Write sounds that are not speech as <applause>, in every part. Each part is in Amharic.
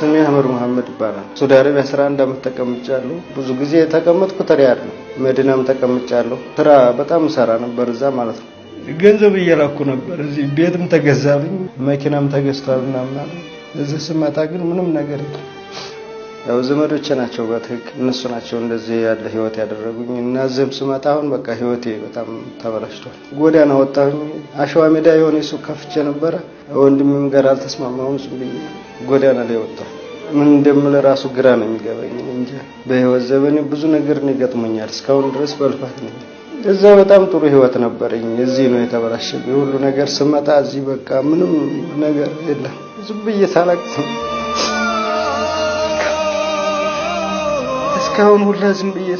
ስሜ አህመድ መሐመድ ይባላል። ሳውዲ አረቢያ ስራ ዓመት ተቀምጫለሁ። ብዙ ጊዜ የተቀመጥኩ ተሪያድ ነው። መዲናም ተቀምጫለሁ። ስራ በጣም ሰራ ነበር እዛ ማለት ነው። ገንዘብ እየላኩ ነበር። እዚህ ቤትም ተገዛልኝ፣ መኪናም ተገዝቷል ምናምን። እዚህ ስመጣ ግን ምንም ነገር የለም። ያው ዘመዶቼ ናቸው በትክክል እነሱ ናቸው እንደዚህ ያለ ህይወት ያደረጉኝ እና እዚህም ስመጣ አሁን በቃ ህይወቴ በጣም ተበላሽቷል። ጎዳና ወጣሁኝ። አሸዋ ሜዳ የሆነ ሱቅ ከፍቼ ነበረ። ወንድሜም ጋር አልተስማማሁም። ዝም ብዬ ጎዳና ላይ ወጣሁ። ምን እንደምል ራሱ ግራ ነው የሚገባኝ። እንጂ በህይወት ዘመኔ ብዙ ነገር ነው ይገጥሞኛል። እስካሁን ድረስ በልፋት ነኝ። እዛ በጣም ጥሩ ህይወት ነበረኝ። እዚህ ነው የተበላሸ ሁሉ ነገር። ስመጣ እዚህ በቃ ምንም ነገር የለም። ዝም ብዬ ሳላቅስ እስካሁን ሁላ ዝም ብዬ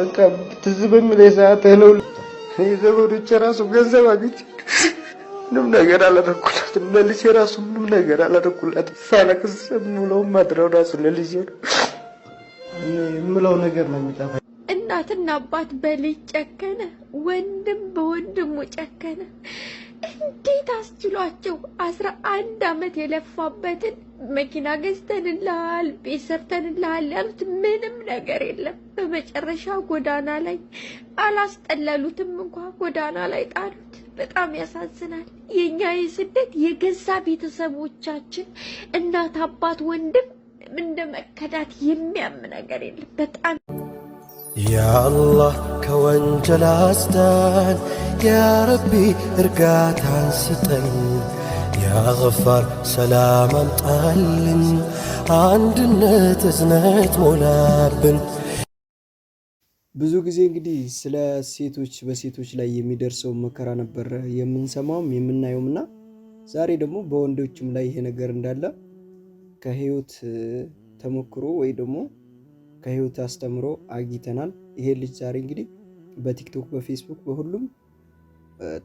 በቃ ትዝ በሚለኝ ሰዓት እህለው የዘመዶቼ ራሱ ገንዘብ አግኝቼ ምንም ነገር አላደረኩላትም። ለልጄ ራሱ ምንም ነገር አላደረኩላትም። ሳለቅስ የምውለው ማድረው ራሱ ለልጄ ነው የምለው ነገር ነው የሚጠፋ። እናትና አባት በልጅ ጨከነ፣ ወንድም በወንድሙ ጨከነ። እንዴት አስችሏቸው አስራ አንድ አመት የለፋበትን መኪና ገዝተንልሃል፣ ቤት ሰርተንልሃል ያሉት ምንም ነገር የለም። በመጨረሻ ጎዳና ላይ አላስጠለሉትም እንኳ ጎዳና ላይ ጣሉት። በጣም ያሳዝናል። የእኛ የስደት የገዛ ቤተሰቦቻችን እናት፣ አባት፣ ወንድም እንደ መከዳት የሚያም ነገር የለም። በጣም ያአላህ ከወንጀል አስዳን ያረቢ እርጋታን ስጠን ያገፋር ሰላም አምጣልን አንድነት እዝነት ሞላብን። ብዙ ጊዜ እንግዲህ ስለ ሴቶች በሴቶች ላይ የሚደርሰው መከራ ነበር የምንሰማውም የምናየውም እና ዛሬ ደግሞ በወንዶችም ላይ ይሄ ነገር እንዳለ ከህይወት ተሞክሮ ወይ ደግሞ ከህይወት አስተምሮ አግኝተናል። ይሄ ልጅ ዛሬ እንግዲህ በቲክቶክ በፌስቡክ በሁሉም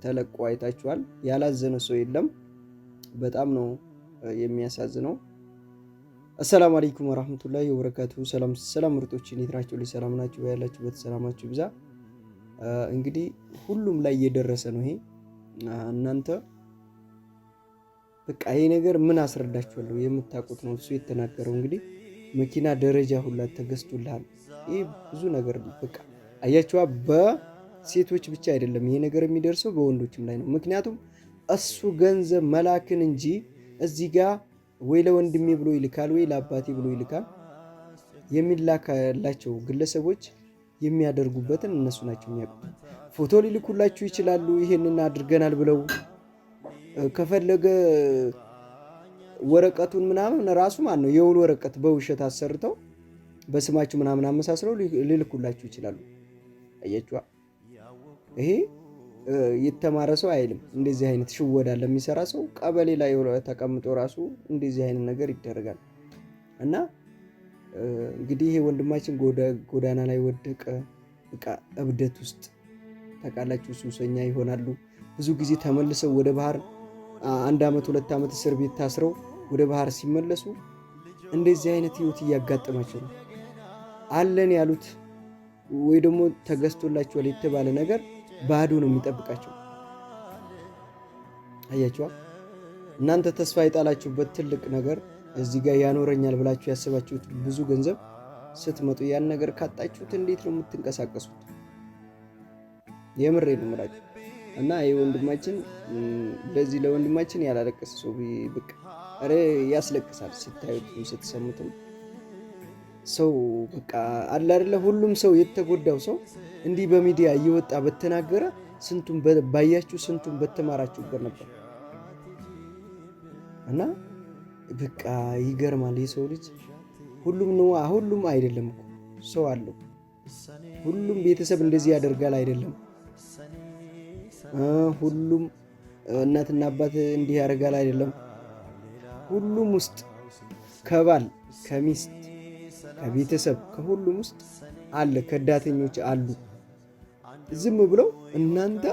ተለቆ አይታችኋል። ያላዘነ ሰው የለም። በጣም ነው የሚያሳዝነው። አሰላሙ አለይኩም ወራህመቱላሂ ወበረካቱ። ሰላም ሰላም፣ ምርጦች እንዴት ናችሁ? ላይ ሰላም ናችሁ? ያላችሁበት ሰላማችሁ ብዛ እንግዲህ ሁሉም ላይ እየደረሰ ነው ይሄ። እናንተ በቃ ይሄ ነገር ምን አስረዳችኋለሁ? የምታውቁት ነው። እሱ የተናገረው እንግዲህ መኪና ደረጃ ሁላ ተገዝቶልሃል። ይህ ብዙ ነገር በቃ አያችዋ በሴቶች ብቻ አይደለም ይሄ ነገር የሚደርሰው በወንዶችም ላይ ነው። ምክንያቱም እሱ ገንዘብ መላክን እንጂ እዚህ ጋ ወይ ለወንድሜ ብሎ ይልካል፣ ወይ ለአባቴ ብሎ ይልካል። የሚላካላቸው ግለሰቦች የሚያደርጉበትን እነሱ ናቸው የሚያውቁት። ፎቶ ሊልኩላችሁ ይችላሉ። ይሄንን አድርገናል ብለው ከፈለገ ወረቀቱን ምናምን ራሱ ማን ነው የውል ወረቀት በውሸት አሰርተው በስማችሁ ምናምን አመሳስለው ሊልኩላችሁ ይችላሉ። አያችዋ። ይሄ የተማረ ሰው አይልም። እንደዚህ አይነት ሽወዳ ለሚሰራ ሰው ቀበሌ ላይ ተቀምጦ ራሱ እንደዚህ አይነት ነገር ይደረጋል። እና እንግዲህ ይሄ ወንድማችን ጎዳና ላይ ወደቀ፣ በቃ እብደት ውስጥ ተቃላችሁ፣ ሱሰኛ ይሆናሉ። ብዙ ጊዜ ተመልሰው ወደ ባህር አንድ ዓመት ሁለት ዓመት እስር ቤት ታስረው ወደ ባህር ሲመለሱ እንደዚህ አይነት ህይወት እያጋጠማቸው ነው አለን ያሉት ወይ ደግሞ ተገዝቶላቸዋል የተባለ ነገር ባዶ ነው የሚጠብቃቸው። አያችኋል። እናንተ ተስፋ የጣላችሁበት ትልቅ ነገር እዚህ ጋር ያኖረኛል ብላችሁ ያሰባችሁት ብዙ ገንዘብ ስትመጡ ያን ነገር ካጣችሁት እንዴት ነው የምትንቀሳቀሱት? የምሬ ነው የምላችሁ። እና ይህ ወንድማችን ለዚህ ለወንድማችን ያላለቀሰ ሰው ብቅ ያስለቅሳል ስታዩትም ስትሰሙትም ሰው በቃ አለ አይደለ? ሁሉም ሰው የተጎዳው ሰው እንዲህ በሚዲያ እየወጣ በተናገረ ስንቱን ባያችሁ፣ ስንቱን በተማራችሁበት ነበር እና በቃ ይገርማል። የሰው ልጅ ሁሉም ነው ሁሉም አይደለም እኮ ሰው አለው። ሁሉም ቤተሰብ እንደዚህ ያደርጋል አይደለም። ሁሉም እናትና አባት እንዲህ ያደርጋል አይደለም። ሁሉም ውስጥ ከባል ከሚስት ከቤተሰብ ከሁሉም ውስጥ አለ። ከዳተኞች አሉ። ዝም ብለው እናንተ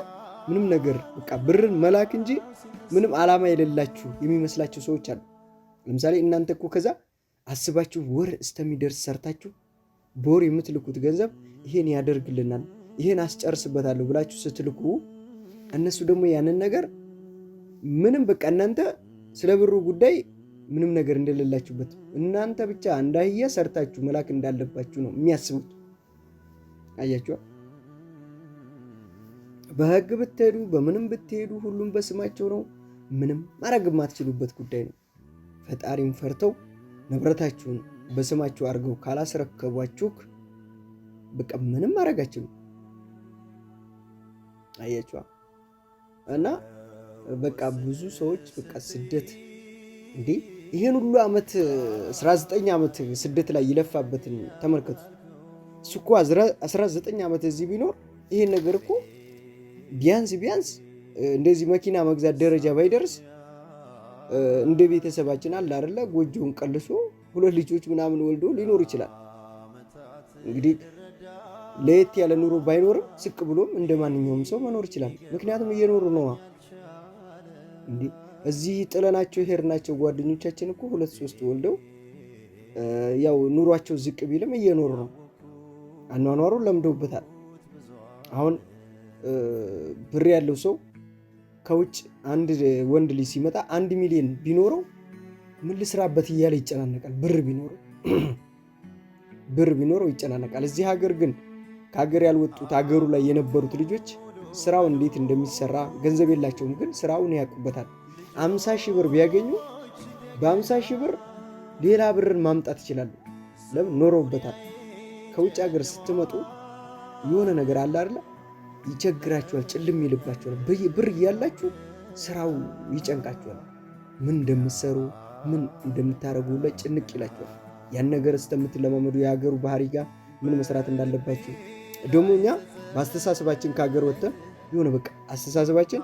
ምንም ነገር በቃ ብርን መላክ እንጂ ምንም ዓላማ የሌላችሁ የሚመስላችሁ ሰዎች አሉ። ለምሳሌ እናንተ እኮ ከዛ አስባችሁ ወር እስከሚደርስ ሰርታችሁ በወር የምትልኩት ገንዘብ ይሄን ያደርግልናል፣ ይሄን አስጨርስበታለሁ ብላችሁ ስትልኩ እነሱ ደግሞ ያንን ነገር ምንም በቃ እናንተ ስለ ብሩ ጉዳይ ምንም ነገር እንደሌላችሁበት እናንተ ብቻ እንዳህያ ሰርታችሁ መላክ እንዳለባችሁ ነው የሚያስቡት። አያችኋል። በህግ ብትሄዱ በምንም ብትሄዱ ሁሉም በስማቸው ነው። ምንም ማድረግ የማትችሉበት ጉዳይ ነው። ፈጣሪም ፈርተው ንብረታችሁን በስማችሁ አድርገው ካላስረከቧችሁ በቃ ምንም ማድረግ አትችሉም። አያችኋል እና በቃ ብዙ ሰዎች በቃ ስደት እንዲህ ይህን ሁሉ ዓመት 19 ዓመት ስደት ላይ ይለፋበትን ተመልከቱ። እሱ እኮ 19 ዓመት እዚህ ቢኖር ይህን ነገር እኮ ቢያንስ ቢያንስ እንደዚህ መኪና መግዛት ደረጃ ባይደርስ እንደ ቤተሰባችን አለ አይደለ ጎጆውን ቀልሶ ሁለት ልጆች ምናምን ወልዶ ሊኖር ይችላል። እንግዲህ ለየት ያለ ኑሮ ባይኖርም ስቅ ብሎም እንደ ማንኛውም ሰው መኖር ይችላል። ምክንያቱም እየኖሩ ነዋ። እዚህ ጥለናቸው የሄድናቸው ጓደኞቻችን እኮ ሁለት ሶስት ወልደው ያው ኑሯቸው ዝቅ ቢልም እየኖሩ ነው። አኗኗሩ ለምደውበታል። አሁን ብር ያለው ሰው ከውጭ አንድ ወንድ ልጅ ሲመጣ አንድ ሚሊዮን ቢኖረው ምን ልስራበት እያለ ይጨናነቃል። ብር ቢኖረው <clears throat> ብር ቢኖረው ይጨናነቃል። እዚህ ሀገር ግን ከሀገር ያልወጡት ሀገሩ ላይ የነበሩት ልጆች ስራው እንዴት እንደሚሰራ ገንዘብ የላቸውም፣ ግን ስራውን ያውቁበታል። አምሳ ሺህ ብር ቢያገኙ በአምሳ ሺህ ብር ሌላ ብርን ማምጣት ይችላሉ። ለምን ኖረውበታል። ከውጭ ሀገር ስትመጡ የሆነ ነገር አለ አይደለ? ይቸግራችኋል፣ ጭልም ይልባችኋል። ብር እያላችሁ ስራው ይጨንቃችኋል። ምን እንደምትሰሩ ምን እንደምታደርጉ ጭንቅ ይላችኋል። ያን ነገር እስከምትለማመዱ የሀገሩ ባህሪ ጋር ምን መስራት እንዳለባችሁ ደግሞ እኛ በአስተሳሰባችን ከሀገር ወጥተን የሆነ በቃ አስተሳሰባችን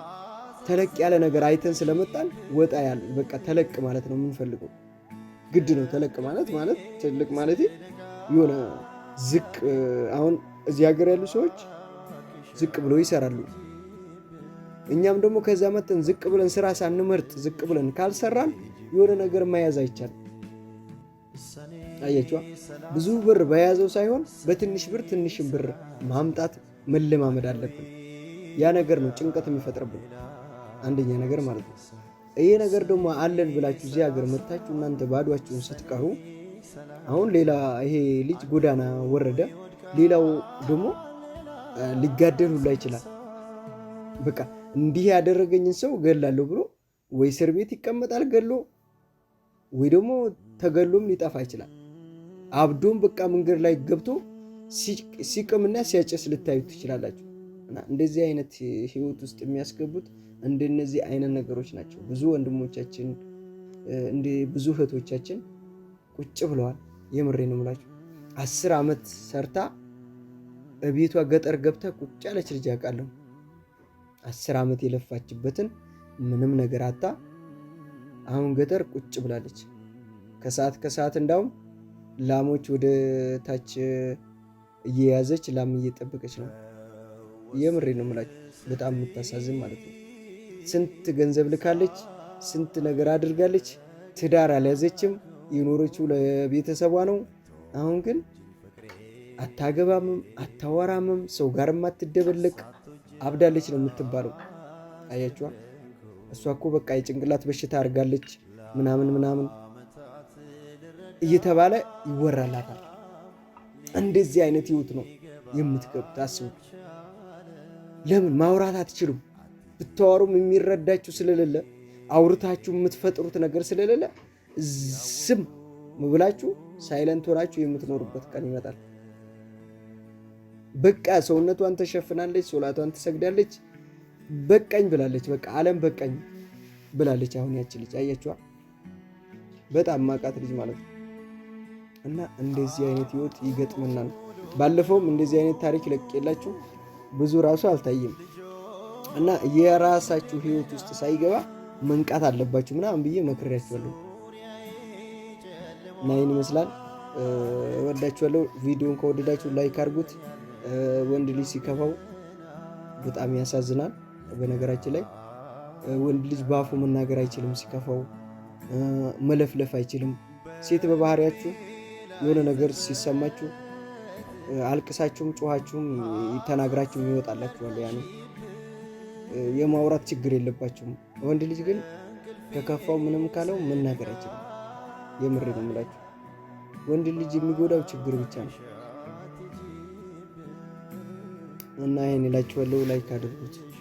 ተለቅ ያለ ነገር አይተን ስለመጣን ወጣ ያለ በቃ ተለቅ ማለት ነው የምንፈልገው። ግድ ነው ተለቅ ማለት ማለት ትልቅ ማለት የሆነ ዝቅ። አሁን እዚህ ሀገር ያሉ ሰዎች ዝቅ ብለው ይሰራሉ። እኛም ደግሞ ከዛ መተን ዝቅ ብለን ስራ ሳንመርጥ ዝቅ ብለን ካልሰራን የሆነ ነገር መያዝ አይቻልም። አያችዋ ብዙ ብር በያዘው ሳይሆን በትንሽ ብር ትንሽን ብር ማምጣት መለማመድ አለብን። ያ ነገር ነው ጭንቀት የሚፈጥርብን። አንደኛ ነገር ማለት ነው። ይሄ ነገር ደግሞ አለን ብላችሁ እዚህ ሀገር መታችሁ እናንተ ባዷችሁን ስትቀሩ አሁን ሌላ ይሄ ልጅ ጎዳና ወረደ፣ ሌላው ደግሞ ሊጋደል ሁላ ይችላል። በቃ እንዲህ ያደረገኝን ሰው ገላለሁ ብሎ ወይ እስር ቤት ይቀመጣል ገሎ፣ ወይ ደግሞ ተገሎም ሊጠፋ ይችላል። አብዶም በቃ መንገድ ላይ ገብቶ ሲቅምና ሲያጨስ ልታዩት ትችላላችሁ። እና እንደዚህ አይነት ህይወት ውስጥ የሚያስገቡት እንደነዚህ አይነት ነገሮች ናቸው። ብዙ ወንድሞቻችን እንደ ብዙ እህቶቻችን ቁጭ ብለዋል። የምሬ ነው የምላችሁ። አስር ዓመት ሰርታ እቤቷ ገጠር ገብታ ቁጭ ያለች ልጅ አውቃለሁ። አስር ዓመት የለፋችበትን ምንም ነገር አታ አሁን ገጠር ቁጭ ብላለች። ከሰዓት ከሰዓት እንዳውም ላሞች ወደ ታች እየያዘች ላም እየጠበቀች ነው። የምሬ ነው የምላችሁ። በጣም የምታሳዝን ማለት ነው። ስንት ገንዘብ ልካለች፣ ስንት ነገር አድርጋለች። ትዳር አልያዘችም። የኖረችው ለቤተሰቧ ነው። አሁን ግን አታገባምም፣ አታወራምም፣ ሰው ጋርም አትደበለቅ፣ አብዳለች ነው የምትባለው። አያችዋ እሷ እኮ በቃ የጭንቅላት በሽታ አድርጋለች ምናምን ምናምን እየተባለ ይወራላታል። እንደዚህ አይነት ህይወት ነው የምትገቡት። አስቡት። ለምን ማውራት አትችሉም? ብታወሩም የሚረዳችሁ ስለሌለ አውርታችሁ የምትፈጥሩት ነገር ስለሌለ ዝም ብላችሁ ሳይለንት ሆናችሁ የምትኖሩበት ቀን ይመጣል። በቃ ሰውነቷን ተሸፍናለች፣ ሶላቷን ትሰግዳለች። በቃኝ ብላለች። በቃ ዓለም በቃኝ ብላለች። አሁን ያች ልጅ አያችኋ፣ በጣም ማቃት ልጅ ማለት ነው። እና እንደዚህ አይነት ህይወት ይገጥምናል። ባለፈውም እንደዚህ አይነት ታሪክ ለቅቄላችሁ ብዙ ራሱ አልታየም። እና የራሳችሁ ህይወት ውስጥ ሳይገባ መንቃት አለባችሁ ምናምን ብዬ መክሬያችኋለሁ። እና ይህን ይመስላል። እወዳችኋለሁ። ቪዲዮን ከወደዳችሁ ላይክ አድርጉት። ወንድ ልጅ ሲከፋው በጣም ያሳዝናል። በነገራችን ላይ ወንድ ልጅ በአፉ መናገር አይችልም፣ ሲከፋው መለፍለፍ አይችልም። ሴት በባህሪያችሁ የሆነ ነገር ሲሰማችሁ አልቅሳችሁም ጮኋችሁም ተናግራችሁም ይወጣላችኋል ያ የማውራት ችግር የለባቸውም። ወንድ ልጅ ግን ከከፋው ምንም ካለው መናገር አይችልም። የምር ነው የምላችሁ። ወንድ ልጅ የሚጎዳው ችግር ብቻ ነው እና ይህን እላችኋለሁ። ላይክ አድርጉት።